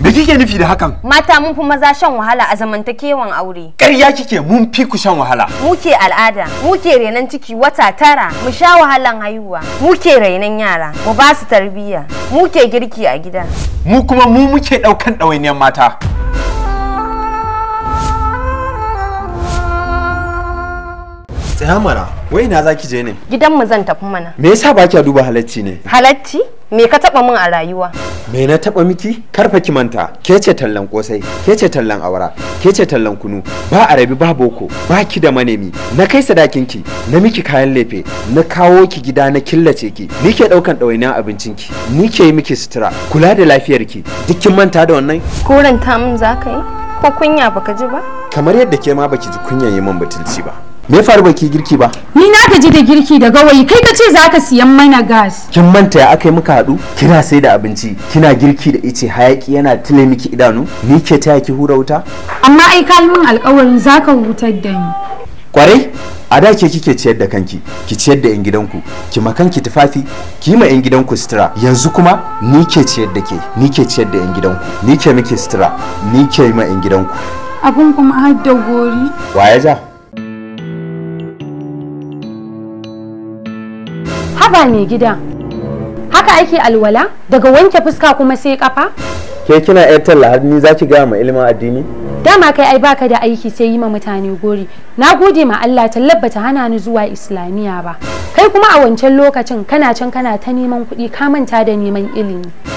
Me kike nufi da hakan? Mata mun fi maza shan wahala a zamantakewan aure. Ƙarya kike mun fi ku shan wahala. Muke al'ada, muke renan ciki wata tara, mu sha wahalan haihuwa, muke renan yara, mu ba su tarbiyya, muke girki a gida. Mu kuma mu muke ɗaukan ɗawainiyar mata. Tsaya mana, Wai na zaki je ne? Gidanmu zan tafi mana. Me yasa ba kya duba halacci ne? Halacci? Me ka taba min a rayuwa? Me na taba miki? Karfa ki manta. Ke ce tallan kosai, ke ce tallan awara, ke ce tallan kunu. Ba arabi ba boko, ba ki da manemi. Na kai sadakin ki, na miki kayan lefe, na kawo ki gida na killace ki. Ni ke daukan ɗawainiyar abincin ki, ni ke yi miki sutura, kula da lafiyar ki. Duk kin manta da wannan? Koranta min za yi? Ko kunya baka ji ba? Kamar yadda ke ma baki ji kunya yi man batulci ba. me faru ba ki girki ba ni na gaji da girki da gawayi kai ka ce zaka siyan mana gas kin manta ya aka yi muka hadu kina sai da abinci kina girki da ice hayaki yana tile miki idanu ni ke taya ki hura wuta amma ai ka min alƙawarin zaka hutar da ni kwarai a da ke kike ciyar da kanki ki ciyar da yan gidanku ki makanki tufafi ki ma yan gidanku sutura yanzu kuma ni ke ciyar da ke ni ke ciyar da yan gidanku ni ke miki sutura ni ke ma yan gidanku abun kuma har da gori wa ya ja haba ne gida haka ake alwala daga wanke fuska kuma sai kafa ke kina yar talla har ni zaki ga ma ilimin addini dama kai ai baka da aiki sai yi ma mutane gori na gode ma Allah ta ta hana ni zuwa islamiya ba kai kuma a wancan lokacin kana can kana ta neman kuɗi ka manta da neman ilimi